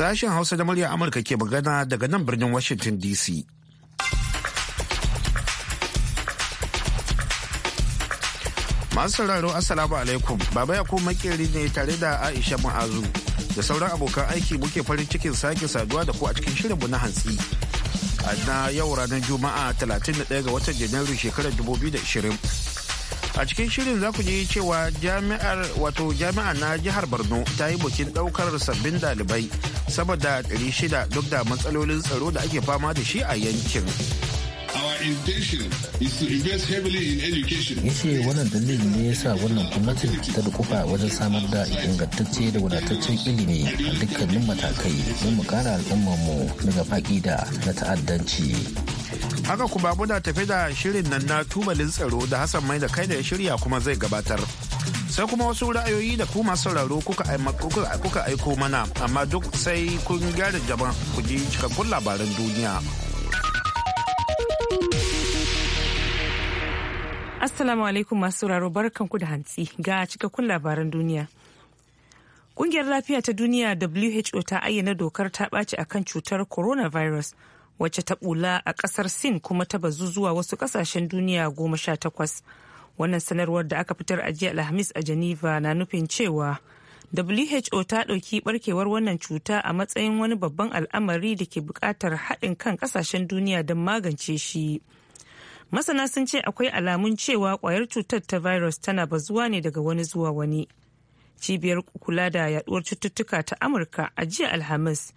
Sashen Hausa da murya Amurka ke magana daga nan birnin Washington DC. Masu sauraro Assalamu alaikum, Baba ya kuma makeri ne tare da Aisha Ma'azu da sauran abokan aiki muke farin cikin sake saduwa da ku a cikin shirinmu na hantsi. na yau ranar Juma'a 31 ga watan Janairu shekarar 2020. a cikin shirin za ku ji cewa jami'ar wato jami'a na jihar borno ta yi bukin daukar sabbin dalibai saboda da 600 duk da matsalolin tsaro da ake fama da shi a yankin ya ce wannan dalilin ne ya sa wannan gwamnatin ta da kufa wajen samar da ingantacce da wadataccen ilimi a dukkanin matakai don mu kara al'ummarmu daga faƙida na ta'addanci haka kuma muna tafi da shirin nan na tubalin tsaro da hassan mai da kai da ya shirya kuma zai gabatar sai kuma wasu ra'ayoyi da kuma sauraro kuka aiko mana amma duk sai kun gyara jaban ku ji cikakkun labaran duniya assalamu alaikum masu sauraro ku da hantsi ga cikakkun labaran duniya Kungiyar lafiya ta duniya WHO ta ayyana dokar ta ɓaci akan cutar coronavirus wacce ta bula a kasar sin kuma ta bazu zuwa wasu kasashen duniya goma sha takwas wannan sanarwar da aka fitar a jiya alhamis a geneva na nufin cewa who ta ɗauki barkewar wannan cuta a matsayin wani babban al'amari da ke buƙatar haɗin kan ƙasashen duniya don magance shi masana sun ce akwai alamun cewa ƙwayar cutar ta virus tana bazuwa ne daga wani zuwa wani cibiyar kula da yaɗuwar cututtuka ta amurka a jiya alhamis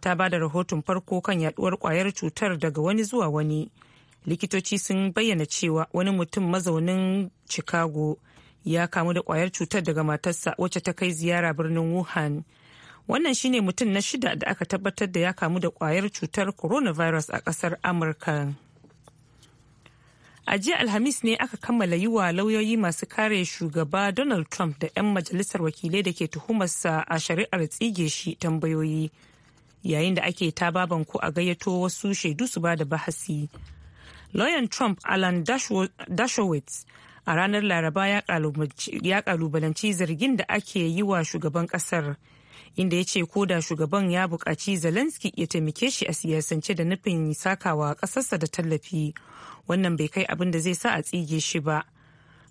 ta ba da rahoton farko kan yaduwar kwayar cutar daga wani zuwa wani likitoci sun bayyana cewa wani mutum mazaunin chicago ya kamu da kwayar cutar daga matarsa wacce ta kai ziyara birnin wuhan wannan shine mutum na shida da aka tabbatar da ya kamu da kwayar cutar coronavirus a kasar amurka a jiya alhamis ne aka kammala yi wa lauyoyi masu kare shugaba donald trump da 'yan majalisar wakilai da ke tuhumarsa a shari'ar tsige shi tambayoyi yayin da ake baban ko a gayyato wasu shaidu su ba da bahasi Lawyer trump alan dashowitz a ranar laraba ya kalubalanci zargin da ake yi wa shugaban kasar inda ya ce ko da shugaban ya bukaci zelensky ya taimake shi a siyasance da nufin sakawa ƙasarsa da tallafi wannan bai kai abin da zai sa a tsige shi ba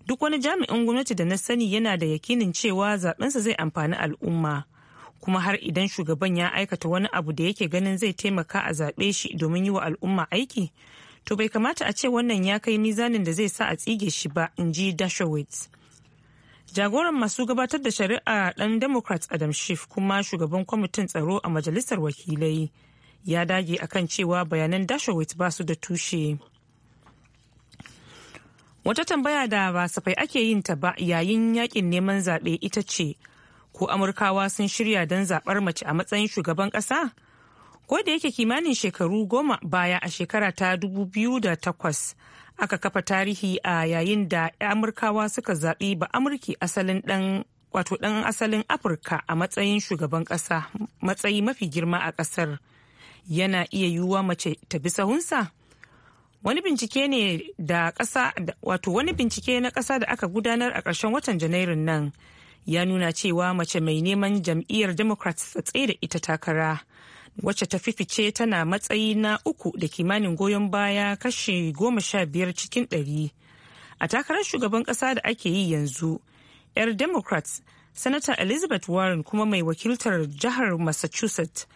duk wani jami'in gwamnati da na sani yana da yakinin cewa zaɓensa zai amfani al'umma kuma har idan shugaban ya aikata wani abu da yake ganin zai taimaka a zaɓe shi domin yi wa al'umma aiki to bai kamata a ce wannan ya kai mizanin da zai sa a tsige shi ba in ji dashowitz jagoran masu gabatar da shari'a dan democrat adam schiff kuma shugaban kwamitin tsaro a majalisar wakilai ya dage akan cewa bayanan dashowitz ba su da tushe wata tambaya da ba safai ake yin ta ba yayin yakin neman zaɓe ita ce ko amurkawa sun shirya don zaɓar mace a matsayin shugaban ƙasa ko da yake kimanin shekaru goma baya a shekara ta dubu biyu da takwas aka kafa tarihi a yayin da amurkawa suka zaɓi ba amurki asalin ɗan wato ɗan asalin afirka a matsayin shugaban ƙasa matsayi mafi girma a ƙasar yana iya yiwuwa mace ta bi sahunsa wani bincike ne da ƙasa wato wani bincike na ƙasa da aka gudanar a ƙarshen watan janairun nan ya nuna cewa mace mai neman jam'iyyar democrats ta tsaye da ita takara wacce ta fifice tana matsayi na uku da kimanin goyon baya kashi goma sha biyar cikin ɗari a takarar shugaban ƙasa da ake yi yanzu 'yar democrats sanata elizabeth warren kuma mai wakiltar jihar massachusetts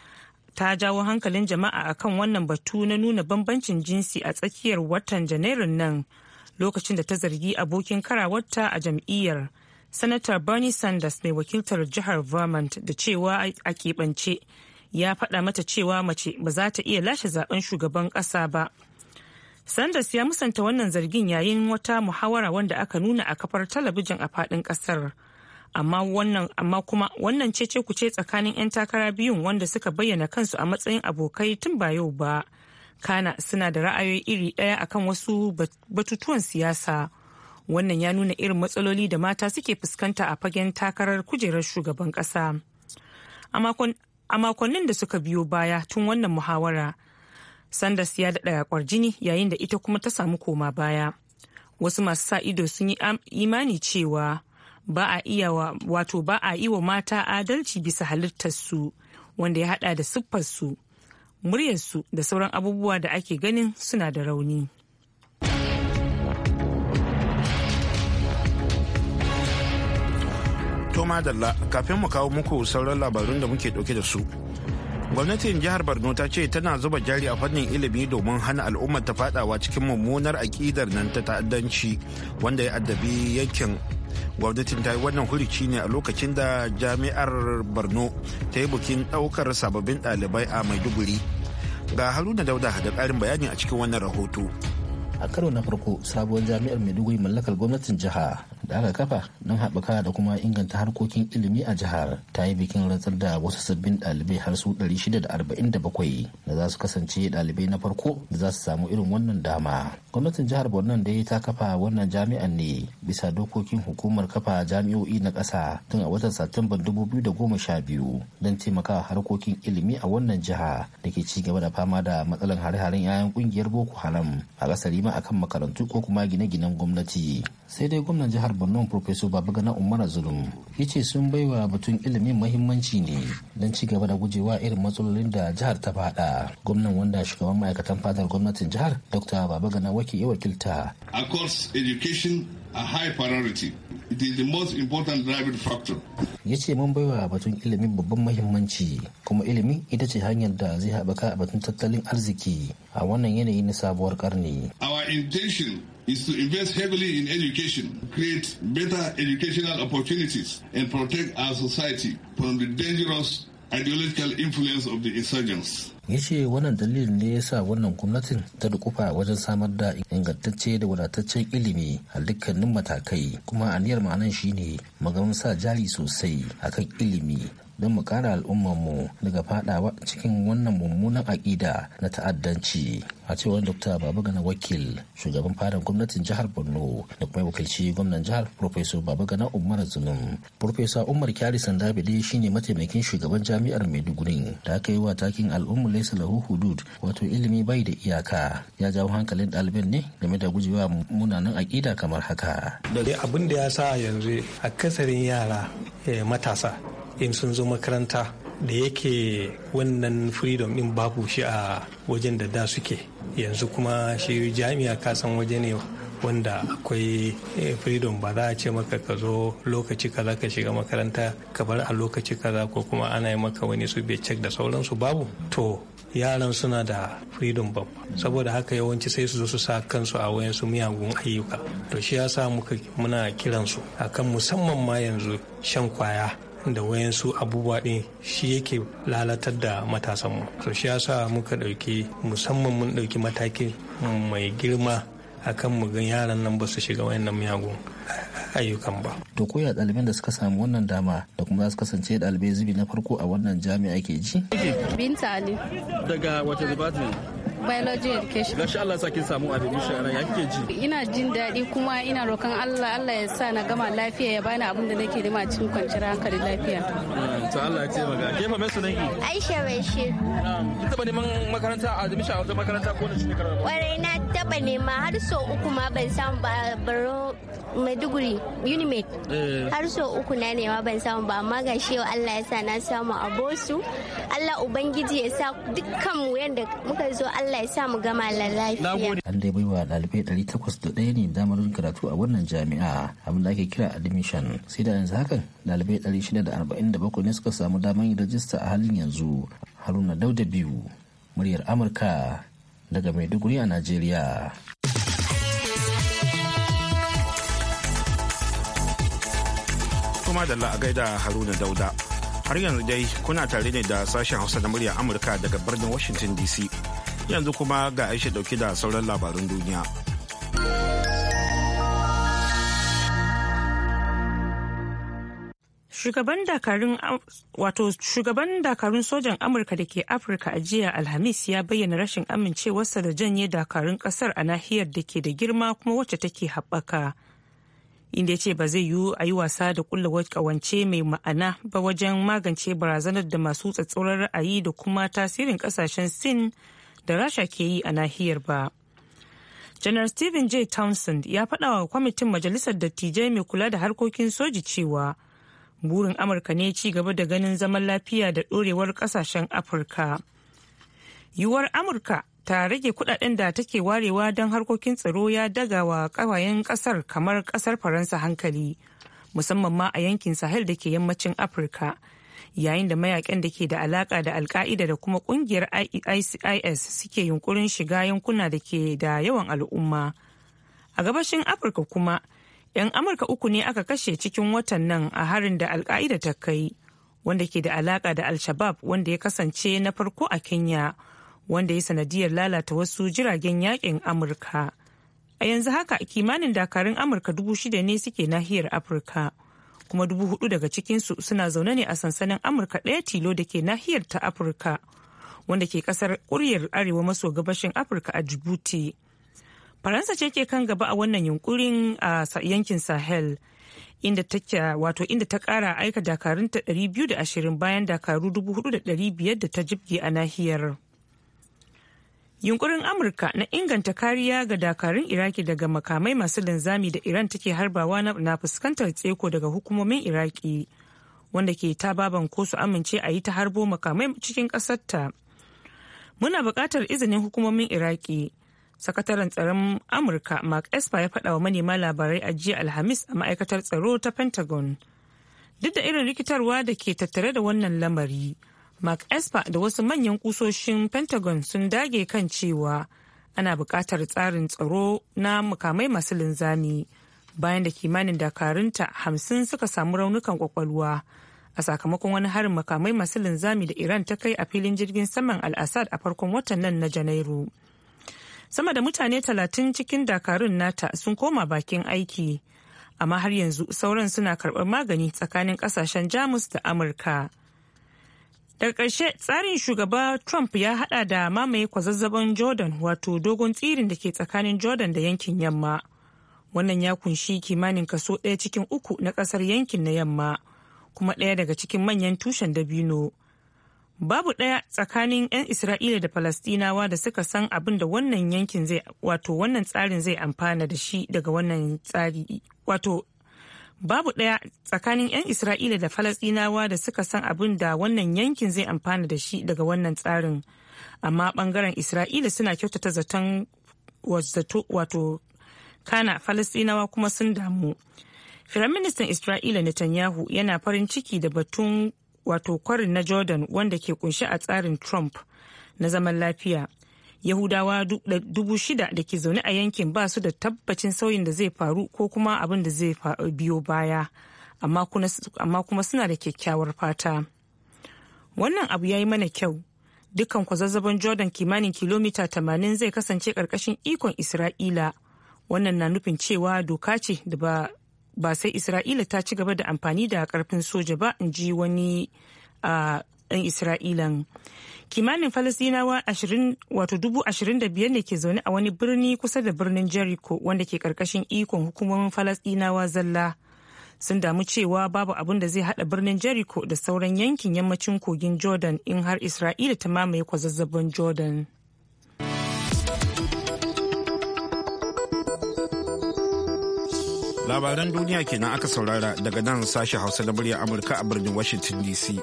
ta jawo hankalin jama'a akan wannan batu na nuna bambancin jinsi a tsakiyar watan janairun nan lokacin da ta zargi abokin karawarta a jam'iyyar sanatar bernie sanders mai wakiltar jihar vermont da cewa a keɓance ya faɗa mata cewa mace ba za ta iya lashe zaben shugaban ƙasa ba sanders ya musanta wannan zargin yayin wata muhawara wanda aka nuna a kafar talabijin a faɗin ƙasar amma wannan amma kuma wannan cece kuce tsakanin 'yan takara biyun wanda suka bayyana kansu a matsayin abokai tun ba yau ba kana suna da ra'ayoyi iri ɗaya akan wasu batutuwan siyasa wannan ya nuna irin matsaloli da mata suke fuskanta a fagen takarar kujerar shugaban kasa a makonnin da suka biyo baya tun wannan muhawara sanders ya daɗa jini yayin da ita kuma ta samu koma baya wasu masu sa ido sun yi imani cewa ba a iya wato ba a yi wa mata adalci bisa halittarsu wanda ya hada da siffarsu muryarsu da sauran abubuwa da ake ganin suna da rauni. To madalla kafin mu kawo muku sauran labarun da muke dauke da su. Gwamnatin jihar Borno ta ce tana zuba jari a fannin ilimi domin hana al'ummar ta fadawa cikin mummunar akidar nan ta ta'addanci wanda ya addabi yankin gwamnatin ta yi wannan hurici ne a lokacin da jami'ar borno ta yi bukin ɗaukar sababbin ɗalibai a maiduguri ga haruna dauda da ƙarin bayani a cikin wannan rahoto a karo na farko sabuwar jami'ar maiduguri mallakar gwamnatin jiha da aka kafa don haɓaka da kuma inganta harkokin ilimi a jihar ta yi bikin rantsar da wasu sabbin ɗalibai har su 647 da za su kasance ɗalibai na farko da za su samu irin wannan dama gwamnatin jihar borno da ta kafa wannan jami'an ne bisa dokokin hukumar kafa jami'o'i na ƙasa tun a watan satumban 2012 don taimakawa harkokin ilimi a wannan jiha da ke ci gaba da fama da matsalar hare-haren 'ya'yan ƙungiyar boko haram a ƙasar akan makarantu ko kuma gine-ginen gwamnati sai dai gwamnan jihar borno professor babagana umar zulum ya ce sun baiwa batun ilimin mahimmanci ne don ci gaba da gujewa irin matsalolin da jihar ta fada gwamnan wanda shugaban ma'aikatan fadar gwamnatin jihar dr babagana wake ya wakilta across education a high priority. It is the most important driving factor. Ya ce mun baiwa batun ilimi babban mahimmanci kuma ilimi ita ce hanyar da zai haɓaka a batun tattalin arziki a wannan yanayi na sabuwar karni. Our intention is to invest heavily in education, create better educational opportunities and protect our society from the dangerous ideological influence of the insurgents. ya ce wannan dalilin ne ya sa wannan gwamnatin ta dukufa wajen samar da ingantacce da wadataccen ilimi a dukkanin matakai kuma aniyar ma'anan shine maganin sa jari sosai akan ilimi don mu kara mu daga fadawa cikin wannan mummunan aƙida na ta'addanci a cewar dr babagana wakil shugaban fadar gwamnatin jihar borno da kuma wakilci gwamnan jihar professor gana umar zulum professor umar kyari sandabide shine mataimakin shugaban jami'ar maiduguri da aka yi wa takin al'ummar laisa lahu hudud wato ilimi bai da iyaka ya jawo hankalin ɗaliban ne game da gujewa munanan aƙida kamar haka da abin da ya sa yanzu akasarin yara eh, matasa in sun zo makaranta da yake wannan freedom din babu shi a wajen da da suke yanzu kuma shi jami'a ka san waje ne wanda akwai eh, freedom ba za a ce maka ka zo lokaci kaza ka shiga makaranta ka bar a lokaci kaza ko kuma ana yi maka wani su bai check da sauransu babu to yaran suna da freedom babba saboda haka yawanci sai su zo su sa kansu a wayan su miyagun ayyuka to shi ya sa muka muna kiransu akan musamman ma yanzu shan kwaya da wayansu abubuwa ɗin shi yake lalatar da matasanmu so shi yasa muka ɗauki musamman mun ɗauki matakin mai girma akan mu ga yaran nan ba su shiga wayannan miyagun ayyukan ba. To koya ɗaliban da suka samu wannan dama da kuma su kasance ɗalibai zubi na farko a wannan jami'a ke ji? Binta Ali. Daga wata department? biology education gashi Allah sa kin samu admission ran ya kike ji ina jin daɗi kuma ina roƙon Allah Allah ya sa na gama lafiya ya bani abin da nake nema cikin kwanciyar hankali lafiya mm, to Allah ya ce maka ke fa mai sunan ki Aisha Bashir kin taba neman makaranta admission a wata makaranta ko ne karatu. kwarai na taba nema har so uku ma ban samu ba baro maiduguri unimed eh. har so uku na nema ban samu ba amma ga shi allah ya sa na samu a bosu allah ubangiji ya sa dukkan mu yadda muka zo allah ya sa mu gama lafiya an dai baiwa ɗalibai ɗari da ɗaya ne damar karatu a wannan jami'a abin da ake kira admission sai da yanzu hakan ɗalibai ɗari shida da ne suka samu damar yin rajista a halin yanzu haruna dauda biyu muryar amurka daga maiduguri a najeriya kuma da gaida Haruna Dauda. Har yanzu dai kuna tare ne da sashen Hausa na murya Amurka daga birnin Washington DC. Yanzu kuma ga Aisha dauke da sauran labarun duniya. Shugaban dakarun shugaban dakarun sojan Amurka da ke Afirka a jiya Alhamis ya bayyana rashin amincewarsa da janye dakarun kasar a nahiyar da ke da girma kuma wacce take haɓaka. inda ya ce ba zai yiwu a yi wasa da kulla kawance mai ma'ana ba wajen magance barazanar da masu tsatsauran ra'ayi da kuma tasirin kasashen sin da rasha ke yi a nahiyar ba janar stephen j townsend ya faɗa wa kwamitin majalisar dattijai mai kula da harkokin soji cewa burin amurka ne ci gaba da ganin zaman lafiya da ɗorewar ƙasashen afirka yiwuwar amurka ta rage kudaden da take warewa don harkokin tsaro ya daga wa kawayen kasar kamar kasar faransa hankali musamman ma a yankin sahel da ke yammacin afirka yayin da mayakan da ke da alaka da alka'ida da kuma kungiyar ICIS suke yunkurin shiga yankuna da ke da yawan al'umma a gabashin afirka kuma 'yan amurka uku ne aka kashe cikin watan nan a harin da alka'ida ta kai wanda ke da alaka da al-shabab wanda ya kasance na farko a kenya wanda ya sanadiyar lalata wasu jiragen yakin amurka a yanzu haka kimanin dakarun amurka dubu shida ne suke nahiyar afirka kuma dubu hudu daga cikinsu suna zaune ne a sansanin amurka ɗaya tilo da ke nahiyar ta afirka wanda ke kasar kuryar arewa maso gabashin afirka a djibouti faransa ce ke kan gaba a wannan yunkurin a yankin sahel inda ta wato inda ta kara aika dakarunta 220 bayan dakaru 4,500 da ta jibge a nahiyar. yunkurin amurka na inganta kariya ga dakarun iraki daga makamai masu linzami da iran take harbawa na fuskantar tseko daga hukumomin iraki wanda ke ta baban ko su amince a yi ta harbo makamai cikin ƙasarta muna buƙatar izinin hukumomin iraki sakataren tsaron amurka mark esper ya faɗa wa manema labarai a jiya alhamis a ma'aikatar tsaro ta pentagon duk da irin rikitarwa da ke tattare da wannan lamari mark esper da wasu manyan kusoshin pentagon sun dage kan cewa ana buƙatar tsarin tsaro na mukamai masu linzami bayan da kimanin dakarunta hamsin suka samu raunukan kwakwalwa a sakamakon wani harin makamai masu linzami da iran ta kai a filin jirgin saman al a farkon watan nan na janairu sama da mutane talatin cikin dakarun nata sun koma bakin aiki amma har yanzu sauran suna karɓar magani tsakanin ƙasashen jamus da amurka daga ƙarshe tsarin shugaba trump ya hada da mamaye kwazazzaban jordan wato dogon tsirin da ke tsakanin jordan da yankin yamma wannan ya kunshi kimanin kaso ɗaya cikin uku na ƙasar yankin na yamma kuma ɗaya daga cikin manyan tushen dabino babu ɗaya tsakanin 'yan isra'ila da falastinawa da suka san abin da wannan yankin zai wato wannan tsarin zai amfana da shi daga wannan tsari wato babu ɗaya tsakanin 'yan isra'ila da falasɗinawa da suka san abin da wannan yankin zai amfana da shi daga wannan tsarin amma ɓangaren isra'ila suna kyautata zaton wato kana falasɗinawa kuma sun damu firaministan isra'ila netanyahu yana farin ciki da batun wato kwarin na jordan wanda ke kunshi a tsarin trump na zaman lafiya yahudawa dubu shida da ke zaune a yankin ba su da tabbacin sauyin da zai faru ko kuma abin da zai biyo baya amma kuma suna da kyakkyawar fata wannan abu ya yi mana kyau dukkan kwazazzaban jordan kimanin kilomita tamanin zai kasance karkashin ikon isra'ila wannan na nufin cewa doka ce da ba ba sai isra'ila ta ci gaba da amfani da karfin soja ba in ji wani ɗan isra'ilan kimanin falasdinawa wato dubu ashirin da biyar ne ke zaune a wani birni kusa da birnin jericho wanda ke karkashin ikon hukumomin falasdinawa zalla sun damu cewa babu abin da zai hada birnin jericho da sauran yankin yammacin kogin jordan in har isra'ila ta mamaye kwazazzabon jordan labaran duniya kenan aka saurara daga nan sashe hausa na murya amurka a birnin washington dc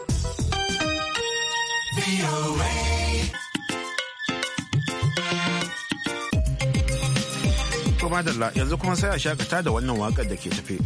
Kuma yanzu kuma sai a shakata da wannan waƙar da ke tafe.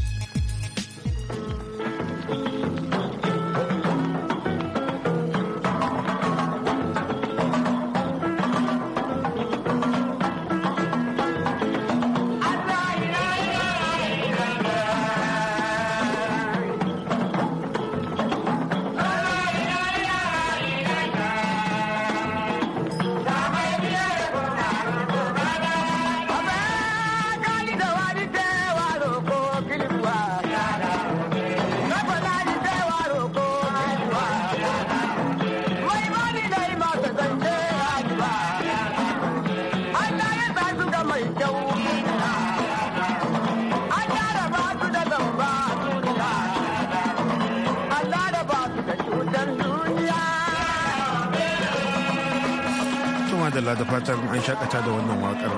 an shakata da wannan wakar.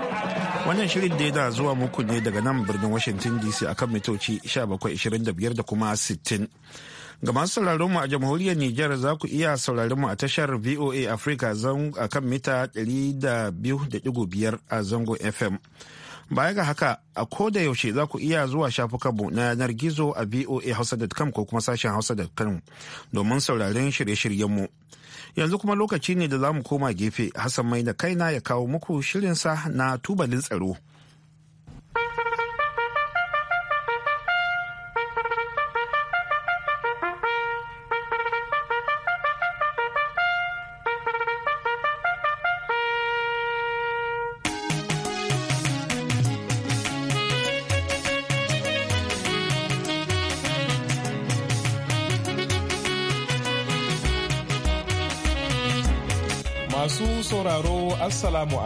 Wannan shirin da yana zuwa muku ne daga nan birnin Washington DC akan mitoci 1725 da kuma 60. Ga masu sauraron mu a jamhuriyar Nijar za ku iya sauraron mu a tashar VOA Africa a kan mita 200.5 a zango FM. Baya ga haka a koda yaushe za ku iya zuwa shafukanmu na yanar gizo a VOA hausa.com ko kuma sashen hausa.com domin sauraron shirye shiryen mu. yanzu kuma lokaci ne da za mu koma gefe hassan mai da kaina ya kawo muku shirinsa na tubalin tsaro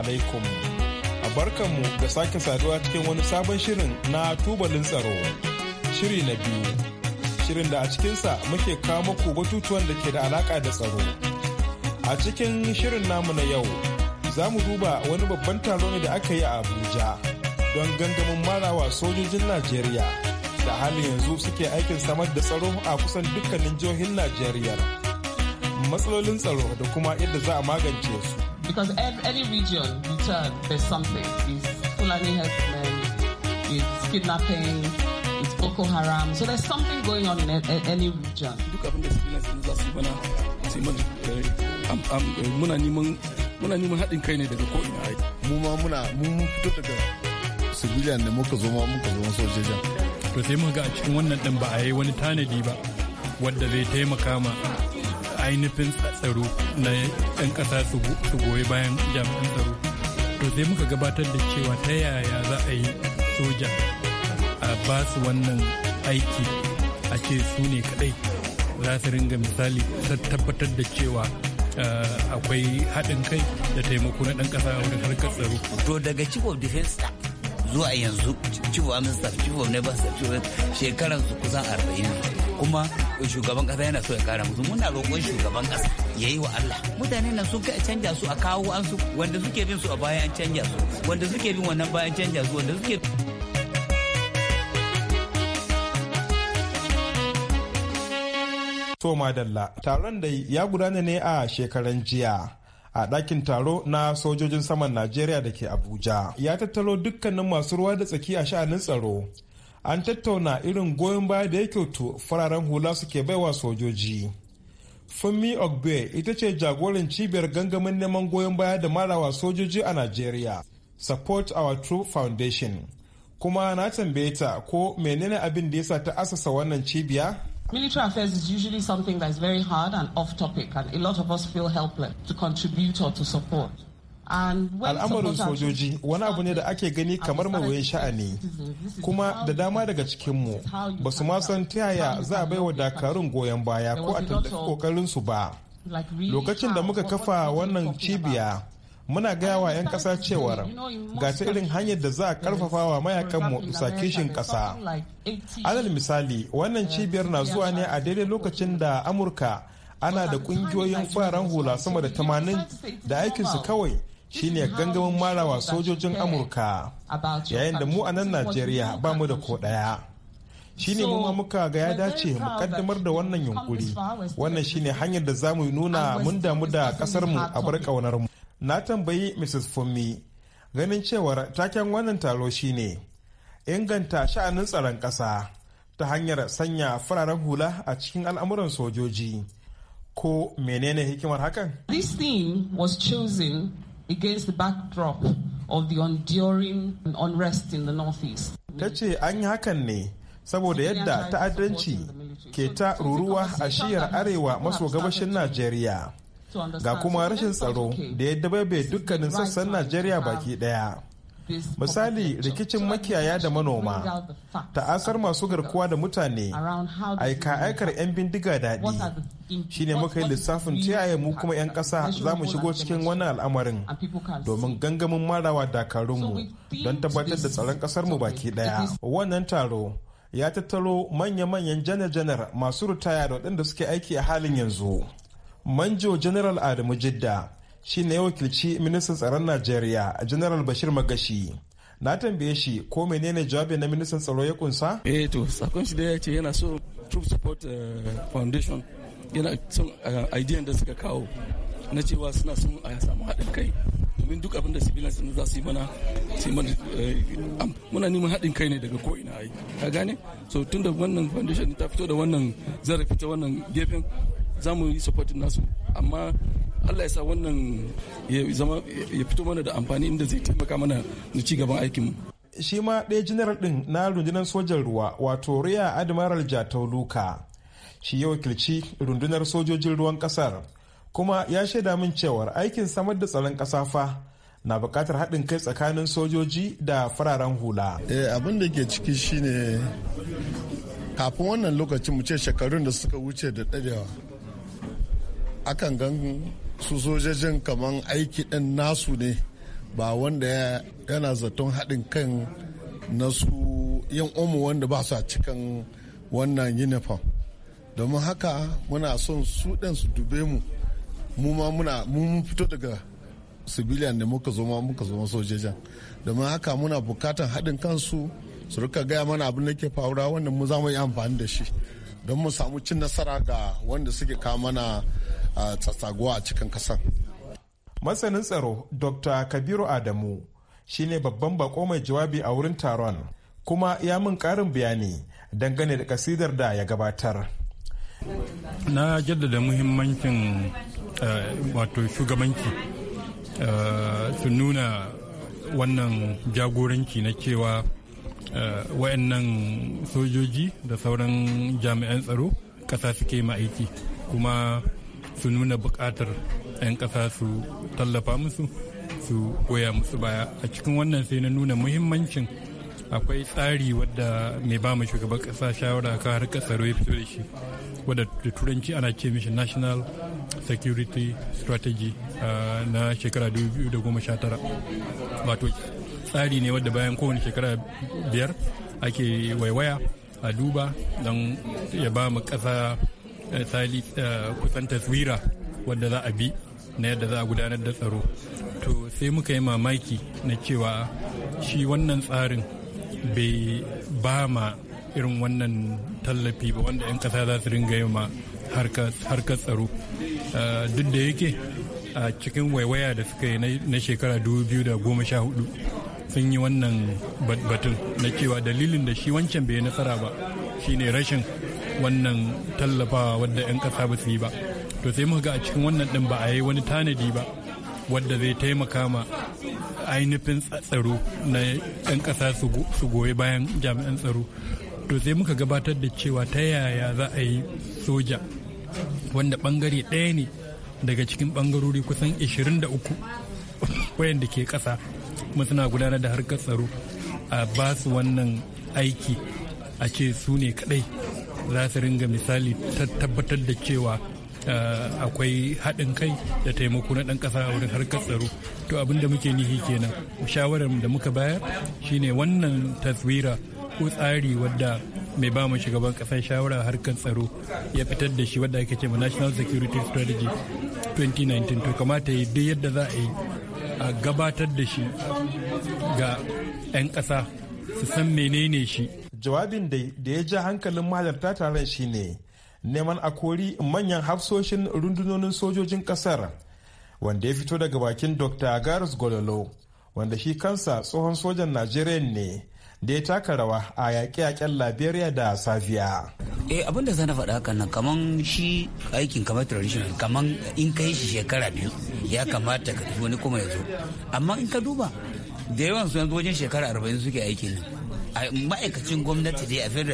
alaikum. A barkanmu da sake saduwa cikin wani sabon shirin na tubalin tsaro. Shiri na biyu. Shirin da a cikinsa muke kawo muku batutuwan da ke da alaka da tsaro. A cikin shirin namu na yau, za mu duba wani babban taro ne da aka yi a Abuja don gangamin marawa sojojin Najeriya da hali yanzu suke aikin samar da tsaro a kusan dukkanin jihohin Najeriya. Matsalolin tsaro da kuma yadda za a magance su. Because every, any region you turn, there's something. It's Fulani headsmen, it's kidnapping, it's Boko Haram. So there's something going on in a, e-, a, e-, any region. Duk abin da suke I'm, I'm, I'm, eh, muna muna kai ne daga ko'ina ai. Mu ma muna mun fito daga civilian ne muka zo ma muka zo sojoji. To sai muka ga a cikin wannan dan ba a yi wani tanadi ba wanda zai taimaka ma ainihin tsaro na 'yan ƙasa su goyi bayan jami'an tsaro to sai muka gabatar da cewa ta yaya za a yi soja a ba su wannan aiki a ce su ne kadai za su ringa misali ta tabbatar da cewa eh, akwai haɗin kai da taimako na ɗan ƙasa wurin harkar tsaro. To daga chief of defense zuwa yanzu chief of army star chief of naval staff shekaran su kusan arba'in ne. kuma shugaban kasa yana so ya kara musu muna roƙon shugaban kasa ya yi wa Allah mutane nan sun kai canja su a kawo an su wanda suke bin su a baya an canja su wanda suke bin wannan bayan canja su wanda suke To Madalla, taron da ya gudana ne a shekaran jiya. a ɗakin taro na sojojin saman Najeriya da ke Abuja. Ya tattaro dukkanin masu ruwa da tsaki a sha'anin tsaro an tattauna irin goyon baya da ya kyautu fararen hula suke baiwa sojoji funmi ogbe ita ce jagoran cibiyar gangamin neman goyon baya da marawa sojoji a najeriya support our true foundation kuma na tambaye ta ko menene abin da ya sa ta asasa wannan cibiya Military affairs is usually something that is very hard and off topic, and a lot of us feel helpless to contribute or to support. al'amarin sojoji wani abu ne da ake gani kamar mawuyin sha'ani kuma da dama daga cikinmu ba su ma san ta yaya za a wa dakarun goyon baya ko a tallafi kokarinsu ba lokacin da muka kafa wannan cibiya muna gaya wa 'yan kasa cewar ga ta irin hanyar da za a karfafa wa mayakanmu bisa kishin kasa alal misali wannan cibiyar na zuwa ne a daidai lokacin da amurka ana da kungiyoyin fararen hula sama da 80 da aikinsu kawai shine gangamin marawa sojojin amurka yayin da mu a nan najeriya ba mu da ko ɗaya shine mu ma muka ga ya dace mu kaddamar da wannan yunkuri wannan shine hanyar da za mu nuna mun damu da kasar mu a bar kaunar mu na tambayi mrs fummi ganin cewar taken wannan taro shine inganta sha'anin tsaron kasa. ta hanyar sanya fararen hula a cikin al'amuran sojoji ko menene hikimar hakan this theme was chosen against the backdrop of the enduring unrest in the northeast. Ta ce an yi hakan ne saboda yadda ta'addanci ke ta ruruwa a shiyar arewa maso gabashin Najeriya. Ga kuma rashin tsaro da ya dabaibe dukkanin sassan Najeriya baki daya. misali rikicin makiyaya da manoma ta'asar masu garkuwa da mutane aika aikar 'yan bindiga daɗi shi shine muka yi lissafin ta mu kuma 'yan ƙasa za mu shigo cikin wannan al'amarin domin gangamin marawa dakarunmu don tabbatar da tsaron ƙasarmu baki ɗaya wannan taro ya tattaro manya-manyan janar-janar masu ritaya da waɗanda suke aiki a halin yanzu manjo general adamu jidda shi ne wakilci ministan tsaron najeriya general bashir magashi na tambaye shi ko menene jawabi na ministan tsaro ya kunsa eh to sakon shi da ya ce yana so troop support eh, foundation yana son eh, idea da suka kawo na cewa suna son a samu haɗin kai domin duk abin da sun za su yi mana eh, muna neman haɗin kai ne daga ko'ina ai ka gane so tun da wannan foundation ta fito da wannan zarafi ta wannan gefen za mu yi supporting nasu amma Allah ya sa wannan ya fito mana da amfani inda zai taimaka mana na ci gaban aikin mu shi ma ɗaya janar ɗin na rundunar sojan ruwa wato riya admiral jatau luka shi ya wakilci rundunar sojojin ruwan ƙasar kuma ya shaida min cewar aikin samar da tsaron ƙasa fa na buƙatar haɗin kai tsakanin sojoji da fararen hula eh, abin da ke ciki shine kafin wannan lokacin mu ce shekarun da suka wuce da ɗarewa akan gan su sojojin kaman aiki ɗin nasu ne ba wanda yana zaton haɗin kan na su yin umu wanda ba sa cikin wannan uniform domin haka muna son su ɗin su dube mu mu ma muna mun fito daga civilian da muka zo ma muka zo sojojin domin haka muna bukatan haɗin kansu su rika gaya mana abin da ke faruwa wanda mu za mu yi amfani da shi don mu samu cin nasara ga wanda suke kama mana tsatsaguwa a cikin kasan. Masanin tsaro Dr. Kabiru Adamu shine babban bako mai jawabi a wurin taron kuma ya mun karin bayani dangane da kasidar da ya gabatar. Na jaddada muhimmancin eh, wato shugabanci eh, su nuna wannan jagoranci na cewa eh, wayannan sojoji da sauran jami'an tsaro ƙasa suke ma'aiki kuma su nuna buƙatar 'yan ƙasa su tallafa musu su koya musu baya a cikin wannan sai na nuna muhimmancin akwai tsari wadda mai ba mu shugaban kasa shawara kan harkar tsaro ya fito da shi wadda da turanci ana ce mishi national security strategy na shekara 2019 wato tsari ne wadda bayan kowane shekara biyar ake waiwaya a duba don ya ba mu ƙasa Eh, eh, kusan taswira wadda za a bi na yadda za a gudanar da tsaro to sai muka yi mamaki na cewa shi wannan tsarin bai ba ma irin wannan tallafi ba wanda 'yan kasa za su ringa yi ma harkar tsaro eh, duk da yake a cikin waiwaya da suka yi na shekara 2014 sun yi wannan batun na cewa dalilin da shi wancan bai nasara ba shine rashin wannan tallafawa wadda 'yan ƙasa ba su yi ba to sai muka ga a cikin wannan ɗin ba a yi wani tanadi ba wadda zai taimaka ma ainihin tsaro na 'yan ƙasa su goyi bayan jami'an tsaro to sai muka gabatar da cewa ta yaya za a yi soja wanda bangare ɗaya ne daga cikin bangarori kusan 23 wayanda ke ƙasa kuma suna gudanar da harkar tsaro a ba su wannan aiki a ce su ne kadai. za su ringa misali ta tabbatar da cewa eh, akwai haɗin kai da taimako na ɗan ƙasa wurin harkar tsaro to abin da muke nihi kenan shawarar da muka bayar shine wannan taswira ko tsari wadda mai ba mu shugaban ƙasar shawara harkar tsaro ya fitar da shi wadda ake ce ma national security strategy 2019 to kamata yi duk yadda za a yi a gabatar da shi ga 'yan ƙasa su san menene shi jawabin da ya ja hankalin mahalarta taron shine neman a kori manyan hafsoshin rundunonin sojojin kasar wanda ya fito daga bakin dr garis gololo wanda shi kansa tsohon sojan najeriya ne da ya taka rawa a yaƙe-yaƙen liberia da safiya. eh abin da zana faɗa kan nan kaman shi aikin kamar traditional kaman in kai shi shekara biyu ya kamata ka wani kuma ya zo amma in ka duba da yawan su yanzu wajen shekara arba'in suke aikin nan ma'aikacin gwamnati dai a da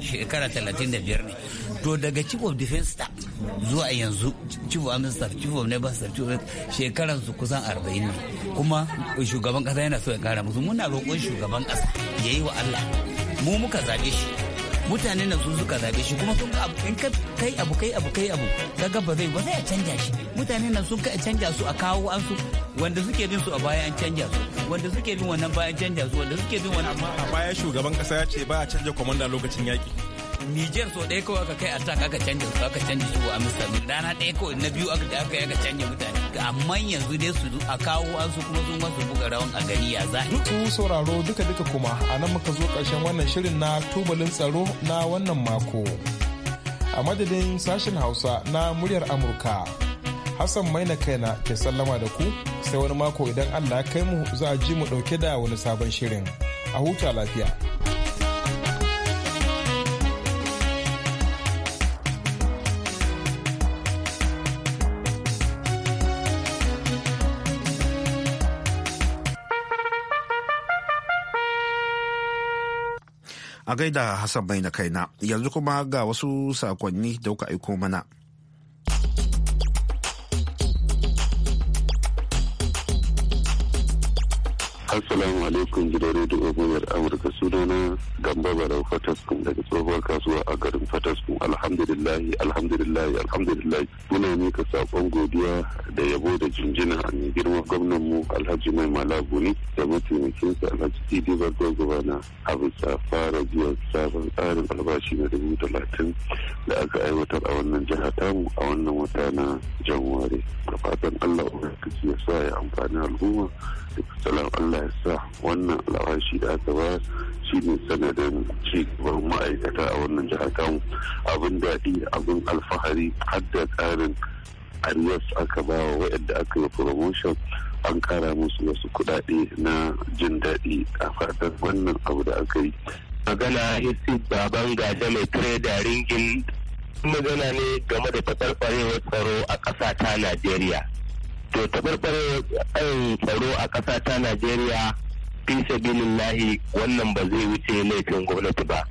shekara 35 ne to daga chief of defense staff zuwa yanzu chief of army staff chief of naval staff chief of shekaran su kusan 40 ne kuma shugaban kasa yana so ya kara musu muna roƙon shugaban kasa ya yi wa Allah mu muka zabe shi mutane na su suka zabe shi kuma sun ga in ka kai abu kai abu kai abu daga ba zai ba a canja shi mutane na sun ka canja su a kawo an su wanda suke jin su a baya an canja su wanda suke bin wannan bayan canja su wanda suke bin wannan a baya shugaban kasa ya ce ba a canja komanda lokacin yaki Niger so ɗaya kawai aka kai attack aka canja su aka canja su a Mr. rana ɗaya kawai na biyu aka aka aka canja mutane amma yanzu dai su a kawo an su kuma sun wasu buga rawan a gari ya za. Duk sauraro duka duka kuma a nan muka zo ƙarshen wannan shirin na tubalin tsaro na wannan mako. A madadin sashen Hausa na muryar Amurka. Hassan Maina kaina ke sallama da ku sai wani mako idan Allah ya kai mu za a ji mu dauke da wani sabon shirin. A huta lafiya. A gaida Hassan Maina kaina yanzu kuma ga wasu sakonni da kuka aiko mana. Assalamu alaikum gidan rediyo Muryar Amurka sunana Gamba Barau Fataskun daga tsohuwar kasuwa a garin Fataskun alhamdulillahi alhamdulillahi alhamdulillahi muna ka sakon godiya da yabo da jinjina a mai girma gwamnan mu Alhaji Mai Malabu da mataimakinsa Alhaji Idi Bargo na a bisa fara biya sabon tsarin albashi na dubu talatin da aka aiwatar a wannan jiha tamu a wannan wata na Janwari. Da fatan Allah Ubangiji ya sa ya amfani al'umma salam allah ya sa wannan shi da aka ba shi ne sanadin ci gaban ma'aikata a wannan jihar kan abin daɗi abin alfahari har da ƙarin arias aka ba wa waɗanda aka yi promotion an kara musu wasu kuɗaɗe na jin daɗi a fatan wannan abu da aka yi magana yusuf baban gada mai tire da ringin magana ne game da fatarfarewar tsaro a ƙasa ta najeriya to taɓarɓare tsayin tsaro a ƙasa ta najeriya binin lahi wannan ba zai wuce laifin gwamnati ba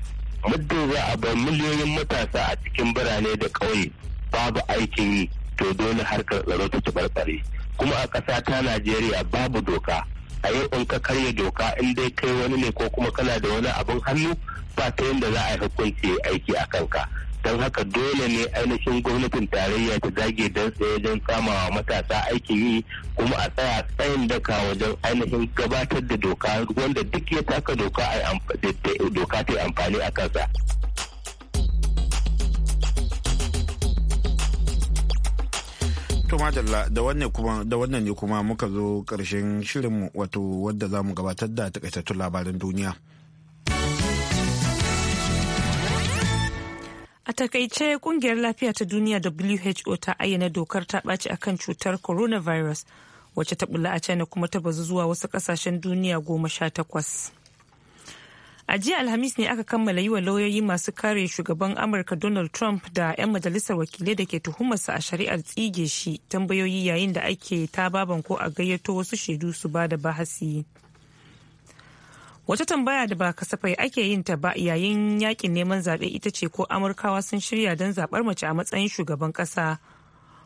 muddin za a bar miliyoyin matasa a cikin birane da ƙauye babu aikin yi to dole harkar tsaro ta taɓarɓare kuma a ƙasa ta najeriya babu doka a yau in ka karya doka in dai kai wani ne ko kuma kana da wani abin hannu ba ta yadda za a yi hukunci aiki a kanka don haka dole ne ainihin gwamnatin tarayya ta zage don tsaye don kama wa matasa aikin yi kuma a tsaya tsayin daka wajen ainihin gabatar da doka wanda duk ya taka doka doka ta amfani a kansa. da wannan ne kuma muka zo karshen shirinmu wato wadda za mu gabatar da takaitattun labaran duniya. A takaice kungiyar lafiya ta duniya WHO ta ayyana dokar ta ɓaci a kan cutar coronavirus wacce ta bula a China kuma ta bazu zuwa wasu ƙasashen duniya goma sha takwas. A jiya Alhamis ne aka kammala yi wa lauyoyi masu kare shugaban Amurka Donald Trump da 'yan majalisar wakilai da ke tuhumarsa a shari'ar tsige shi tambayoyi yayin da ake ta baban ko a gayyato wasu shaidu su ba da bahasi. Wata tambaya da ba kasafai ake yin ta ba yayin yakin neman zaɓe ita ce ko Amurkawa sun shirya don zaɓar mace a matsayin shugaban ƙasa.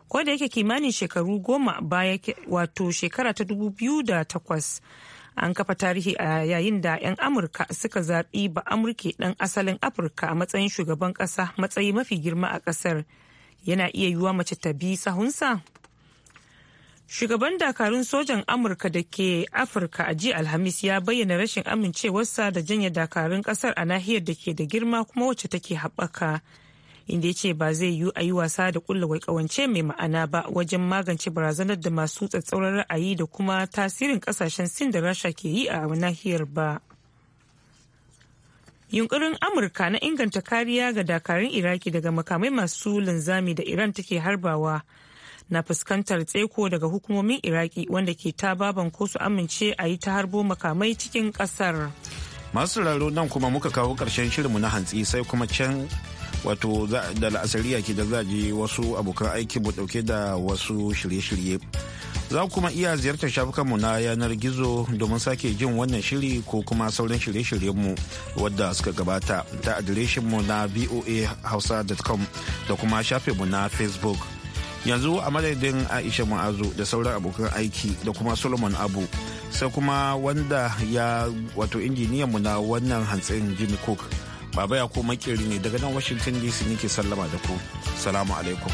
Ko da yake kimanin shekaru goma baya wato shekara ta dubu biyu da takwas an kafa tarihi a yayin da 'yan Amurka suka zaɓi ba Amurke ɗan asalin Afirka a matsayin shugaban ƙasa matsayi mafi girma a ƙasar. Yana iya yiwuwa mace ta bi sahunsa? shugaban dakarun sojan amurka da ke afirka a ji alhamis ya bayyana rashin amincewarsa da janye dakarun kasar a nahiyar da ke da girma kuma wacce take haɓaka inda ya ce ba zai yiwu a yi wasa da kulla kawance mai ma'ana ba wajen magance barazanar da masu tsatsauran ra'ayi da kuma tasirin kasashen sin da rasha ke yi a nahiyar ba yunkurin amurka na inganta kariya ga dakarun iraki daga makamai masu linzami da iran take harbawa na fuskantar tseko daga hukumomin iraki wanda ke ta baban ko su amince a yi ta harbo makamai cikin kasar masu raro nan kuma muka kawo karshen shirinmu na hantsi sai kuma can wato da la'asariya ke da zaje wasu abokan aiki mu dauke da wasu shirye-shirye za kuma iya ziyartar shafukanmu na yanar gizo domin sake jin wannan shiri ko kuma sauran shirye-shiryenmu wadda suka gabata ta adireshinmu na voa hausa.com da kuma mu na facebook yanzu a madadin aisha ma'azu da sauran abokan aiki da kuma solomon abu sai kuma wanda ya wato mu na wannan hantsin jimmy cook baba ya ko makeri ne daga nan washington dc nake sallama da ku salamu alaikum